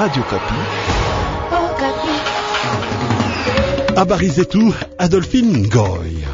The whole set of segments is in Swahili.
Radio oh, Kapi. Habari zetu Adolphine Ngoy.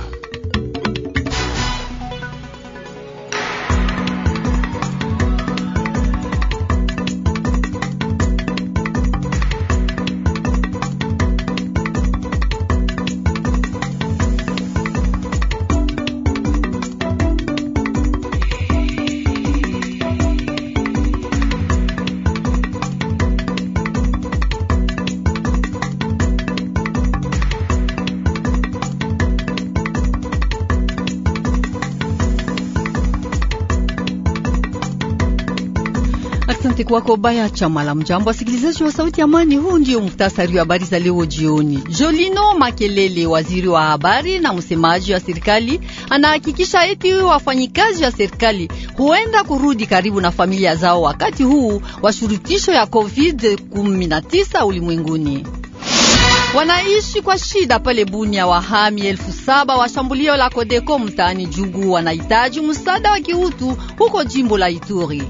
Asante kwako Baya Chamala. Mjambo wasikilizaji wa Sauti ya Amani, huu ndio muktasari wa habari za leo jioni. Jolino Makelele, waziri wa habari na msemaji wa serikali, anahakikisha eti wafanyikazi wa serikali huenda kurudi karibu na familia zao wakati huu wa shurutisho ya COVID-19 ulimwenguni. Wanaishi kwa shida pale Bunia. Wahami elfu saba wa shambulio la Kodeko mtaani Jugu wanahitaji msaada wa kiutu huko jimbo la Ituri.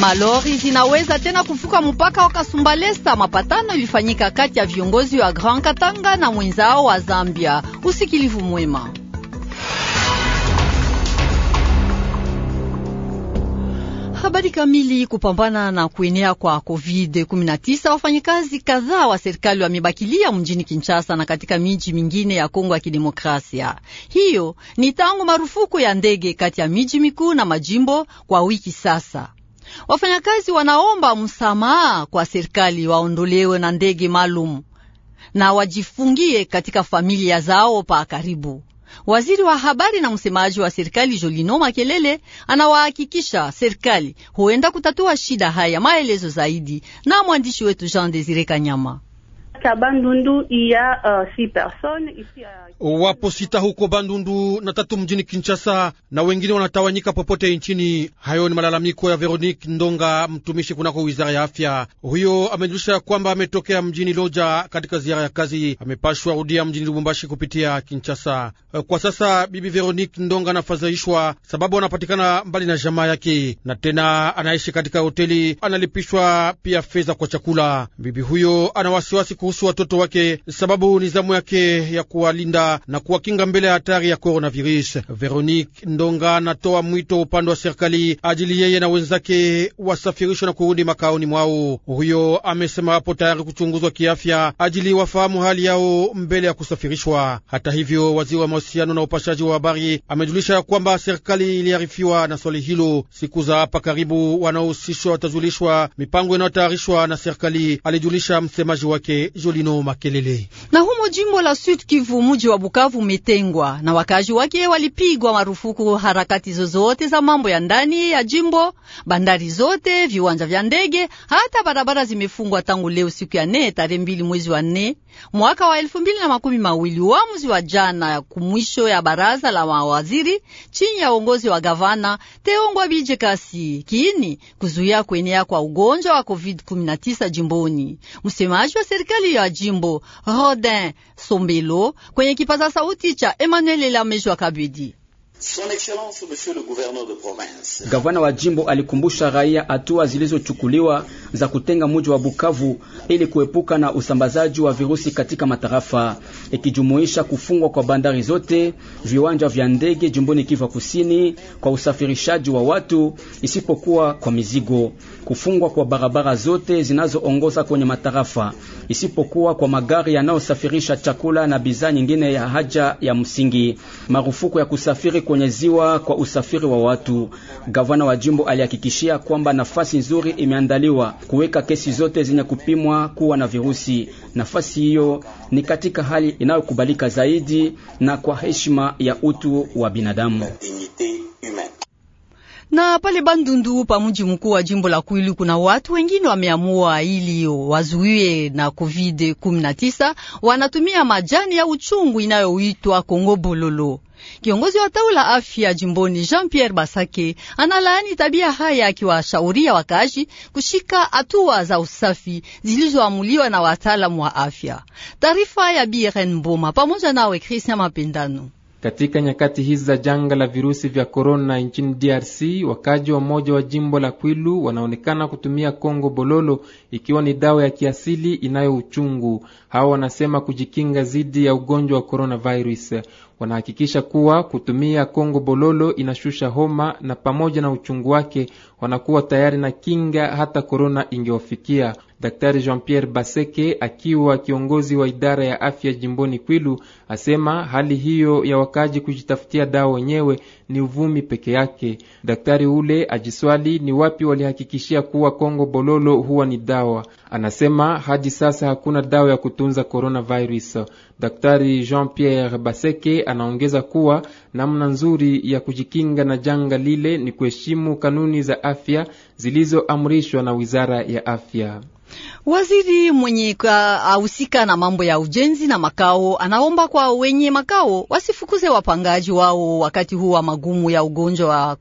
Malori zinaweza tena kuvuka mpaka wa Kasumbalesa. Mapatano ilifanyika kati ya viongozi wa Grand Katanga na mwenzao wa Zambia. Usikilivu mwema. Habari kamili. Kupambana na kuenea kwa COVID-19, wafanyakazi kadhaa wa serikali wamebakilia mjini Kinshasa na katika miji mingine ya Kongo ya Kidemokrasia. Hiyo ni tangu marufuku ya ndege kati ya miji mikuu na majimbo kwa wiki sasa. Wafanyakazi wanaomba msamaha kwa serikali, waondolewe na ndege maalum na wajifungie katika familia zao pa karibu. Waziri wa habari na msemaji wa serikali Jolino Makelele anawahakikisha serikali huenda kutatua shida haya. Maelezo zaidi na mwandishi wetu Jean Desire Kanyama. Bandundu iya, uh, si person, uh, wapo sita huko Bandundu na tatu mjini Kinshasa na wengine wanatawanyika popote nchini. Hayo ni malalamiko ya Veronique Ndonga, mtumishi kunako wizara ya afya. Huyo amejulisha kwamba ametokea mjini Loja katika ziara ya kazi, amepashwa rudia mjini Lubumbashi kupitia Kinshasa. Eh, kwa sasa bibi Veronique Ndonga anafadhaishwa sababu anapatikana mbali na jamaa yake na tena anaishi katika hoteli, analipishwa pia fedha kwa chakula. Bibi huyo ana wasiwasi kuhusu watoto wake, sababu ni zamu yake ya kuwalinda na kuwakinga mbele ya hatari ya coronavirus. Veronique Ndonga anatoa mwito upande wa serikali ajili yeye na wenzake wasafirishwe na kurudi makaoni mwao. Huyo amesema hapo tayari kuchunguzwa kiafya ajili wafahamu hali yao mbele ya kusafirishwa. Hata hivyo, waziri wa mahusiano na upashaji wa habari amejulisha ya kwamba serikali iliarifiwa na swali hilo. Siku za hapa karibu wanaohusishwa watajulishwa mipango inayotayarishwa na serikali, alijulisha msemaji wake Jolino Makelele. Na humo jimbo la Sud Kivu, muji wa Bukavu umetengwa na wakazi wake walipigwa marufuku harakati zozote za mambo ya ndani ya jimbo, bandari zote, viwanja vya ndege, hata barabara zimefungwa tangu leo siku ya nne tarehe mbili mwezi wa nne mwaka wa elfu mbili na makumi mawili. Uamuzi wa jana ya kumwisho ya baraza la mawaziri chini ya uongozi wa gavana Teongwa Bije Kasi kiini kuzuia kuenea kwa ugonjwa wa COVID-19 jimboni. Msemaji wa serikali serikali ya jimbo Rodin Sombelo kwenye kipaza sauti cha Emmanuel Lamejwa Kabedi. Son Excellence Monsieur le Gouverneur de Province. Gavana wa jimbo alikumbusha raia hatua zilizochukuliwa za kutenga mji wa Bukavu ili kuepuka na usambazaji wa virusi katika matarafa, ikijumuisha kufungwa kwa bandari zote, viwanja vya ndege jimboni Kivu Kusini kwa usafirishaji wa watu isipokuwa kwa mizigo, kufungwa kwa barabara zote zinazoongoza kwenye matarafa isipokuwa kwa magari yanayosafirisha chakula na bidhaa nyingine ya haja ya msingi, marufuku ya kusafiri kwenye ziwa kwa usafiri wa watu. Gavana wa jimbo alihakikishia kwamba nafasi nzuri imeandaliwa kuweka kesi zote zenye kupimwa kuwa na virusi. Nafasi hiyo ni katika hali inayokubalika zaidi na kwa heshima ya utu wa binadamu na pale Bandundu pa mji mkuu wa jimbo la Kwilu kuna watu wengine wameamua ili wazuie na COVID 19 wanatumia majani ya uchungu inayoitwa Kongo Bololo. Kiongozi wa tawi la afya jimboni Jean Pierre Basake analaani tabia haya, akiwashauria wakaaji kushika hatua za usafi zilizoamuliwa na wataalamu wa afya. Taarifa ya Biren Mboma pamoja nawe Christian Mapendano. Katika nyakati hizi za janga la virusi vya korona nchini DRC, wakaji wa moja wa jimbo la Kwilu wanaonekana kutumia Kongo Bololo, ikiwa ni dawa ya kiasili inayo uchungu. Hawa wanasema kujikinga dhidi ya ugonjwa wa coronavirus. Wanahakikisha kuwa kutumia Kongo Bololo inashusha homa, na pamoja na uchungu wake wanakuwa tayari na kinga hata korona ingewafikia. Daktari Jean Pierre Baseke akiwa kiongozi wa idara ya afya jimboni Kwilu asema hali hiyo ya wakaji kujitafutia dawa wenyewe ni uvumi peke yake. Daktari ule ajiswali ni wapi walihakikishia kuwa Kongo Bololo huwa ni dawa. Anasema hadi sasa hakuna dawa ya kutunza coronavirus. Daktari Jean Pierre Baseke anaongeza kuwa namna nzuri ya kujikinga na janga lile ni kuheshimu kanuni za afya zilizoamrishwa na Wizara ya Afya. Waziri mwenye ahusika na mambo ya ujenzi na makao anaomba kwa wenye makao wasifukuze wapangaji wao wakati huu wa magumu ya ugonjwa wa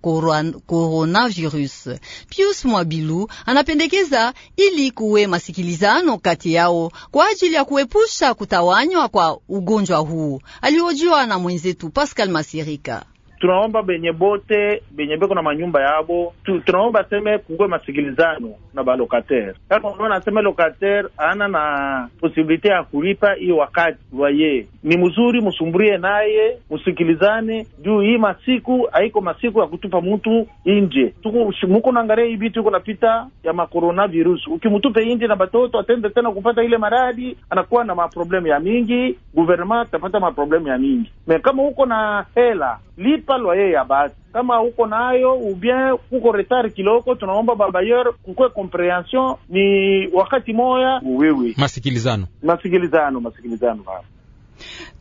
coronavirus. Pius Mwabilu anapendekeza ili kuwe masikilizano kati yao kwa ajili ya kuepusha kutawanywa kwa ugonjwa huu. Aliojiwa na mwenzetu Pascal Masirika tunaomba benye bote benye beko na manyumba yabo tu, tunaomba seme kukwe masikilizano na balokatere. Kama unaona seme lokatere ana na posibilite ya kulipa hiyo wakati waye, ni mzuri musumburie naye musikilizane, juu hii masiku haiko masiku ya kutupa mtu inje. Tuko muko naangalia hii bitu iko napita ya virus ukimutupe inje na batoto atende tena kupata ile maradi, anakuwa na maproblemu ya mingi, guvernema atapata maproblemu ya mingi. Me kama huko na hela lipa kulipa loye ya basi. Kama uko nayo ubien kuko retard kiloko, tunaomba babayer kukwe comprehension, ni wakati moya wewe masikilizano masikilizano masikilizano baba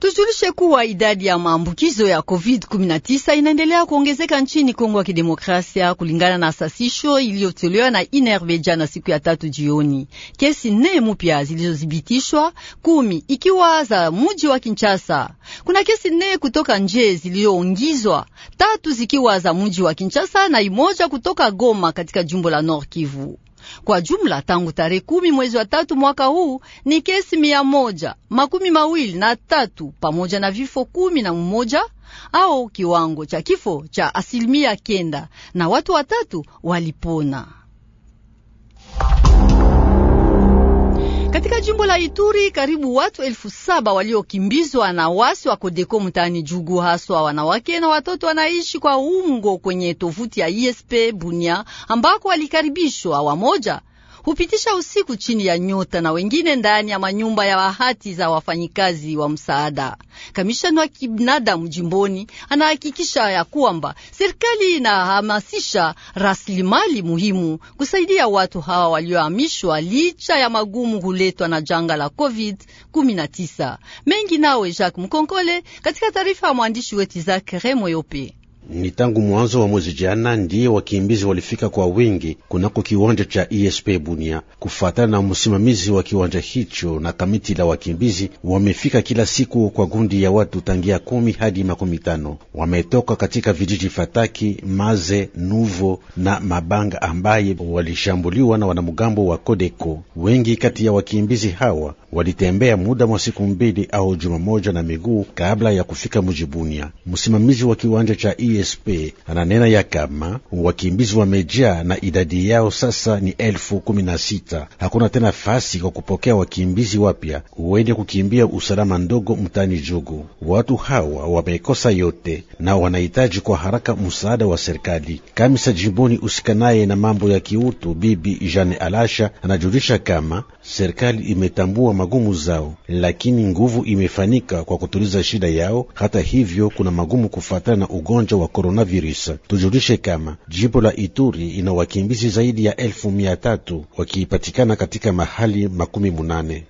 Tujulishe kuwa idadi ya maambukizo ya COVID-19 inaendelea kuongezeka nchini Kongo ya Kidemokrasia kulingana na sasisho iliyotolewa na INRB jana siku ya tatu jioni. Kesi nne mupya zilizodhibitishwa, kumi ikiwa za muji wa Kinshasa. Kuna kesi nne kutoka nje zilizoongizwa, tatu zikiwa za muji wa Kinshasa na imoja kutoka Goma katika jimbo la Nord Kivu. Kwa jumla tangu tarehe kumi mwezi wa tatu mwaka huu ni kesi mia moja makumi mawili na tatu pamoja na vifo kumi na mmoja au kiwango cha kifo cha asilimia kenda na watu watatu walipona. Katika jimbo la Ituri karibu watu elfu saba waliokimbizwa na wasi wa Kodeko mtaani Jugu, haswa wanawake na watoto, wanaishi kwa ungo kwenye tovuti ya ISP Bunia ambako walikaribishwa wamoja hupitisha usiku chini ya nyota na wengine ndani ya manyumba ya wahati za wafanyikazi wa msaada. Kamishani wa kibinadamu jimboni anahakikisha ya kwamba serikali inahamasisha rasilimali muhimu kusaidia watu hawa waliohamishwa, licha ya magumu huletwa na janga la COVID-19. Mengi nawe Jacques Mkonkole, katika taarifa ya mwandishi wetu Zakare Moyope. Ni tangu mwanzo wa mwezi jana ndiye wakimbizi walifika kwa wingi kunako kiwanja cha ISP e Bunia. Kufuatana na msimamizi wa kiwanja hicho na kamiti la wakimbizi, wamefika kila siku kwa gundi ya watu tangia kumi hadi makumi tano. Wametoka katika vijiji Fataki, Maze, Nuvo na Mabanga ambaye walishambuliwa na wanamgambo wa Kodeko. Wengi kati ya wakimbizi hawa walitembea muda mwa siku mbili au juma moja na miguu kabla ya kufika mujibunia. Msimamizi wa kiwanja cha ESP ananena ya kama wakimbizi wamejaa na idadi yao sasa ni elfu kumi na sita. Hakuna tena fasi kwa kupokea wakimbizi wapya wende kukimbia usalama ndogo mtani Jugu. Watu hawa wamekosa yote na wanahitaji kwa haraka msaada wa serikali. Kamisa jimboni usikanaye na mambo ya kiutu, Bibi Jane Alasha anajulisha kama serikali imetambua magumu zao, lakini nguvu imefanika kwa kutuliza shida yao. Hata hivyo, kuna magumu kufatana na ugonjwa wa coronavirus. Tujulishe kama jimbo la Ituri ina wakimbizi zaidi ya elfu mia tatu wakipatikana katika mahali makumi munane.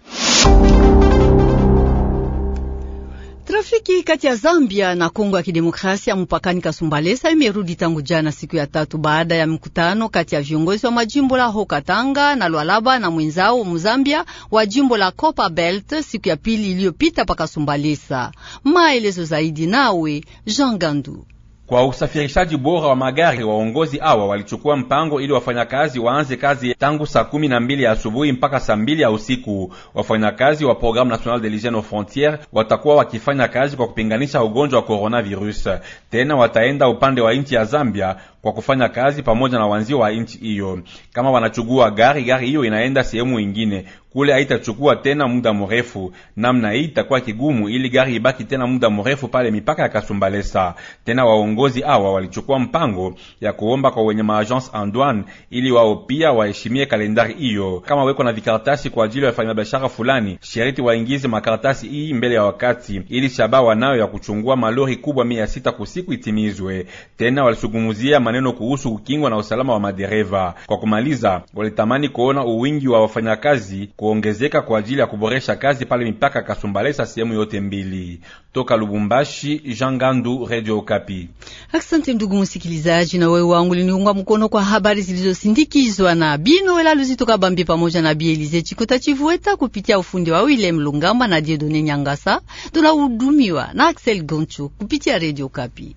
Urafiki kati ya Zambia na Kongo ya Kidemokrasia mpakani Kasumbalesa imerudi tangu jana siku ya tatu baada ya mkutano kati ya viongozi wa majimbo la Hokatanga na Lwalaba na mwenzao Mzambia wa jimbo la belt siku ya pili iliyopita pa Kasumbalesa. Maelezo zaidi nawe Jean Gandu. Kwa usafirishaji bora wa magari, waongozi hawa walichukua mpango ili wafanyakazi waanze kazi tangu saa kumi na mbili ya asubuhi mpaka saa mbili ya usiku. Wafanyakazi wa Programme national de l'Hygiene aux Frontières watakuwa wakifanya kazi kwa kupinganisha ugonjwa wa coronavirus. Tena wataenda upande wa nchi ya Zambia kwa kufanya kazi pamoja na wanzio wa nchi hiyo. Kama wanachugua gari, gari hiyo inaenda sehemu ingine kule, haitachukua tena muda mrefu. Namna hii itakuwa kigumu ili gari ibaki tena muda mrefu pale mipaka ya Kasumbalesa. Tena waongozi hawa walichukua mpango ya kuomba kwa wenye maagence en douane ili wao pia waheshimie kalendari hiyo. Kama weko na vikaratasi kwa ajili ya wafanyabiashara fulani, shariti waingize makaratasi hii mbele ya wakati, ili shabaha wanayo ya kuchungua malori kubwa mia sita kusiku itimizwe. Tena walisugumuzia maneno kuhusu kukingwa na usalama wa madereva. Kwa kumaliza, walitamani kuona uwingi wa wafanyakazi kuongezeka kwa ajili ya kuboresha kazi pale mipaka Kasumbalesa, sehemu yote mbili. Toka Lubumbashi, Jean Gandu, Radio Okapi. Asante ndugu msikilizaji, na wewe wangu liniunga mkono kwa habari zilizosindikizwa na Bino Ela Luzito Kabambi pamoja na Bi Elize Chikota Chivueta kupitia ufundi wa Willem Lungamba na Diedone Nyangasa. Tunahudumiwa na Axel Gonchu kupitia Radio Kapi.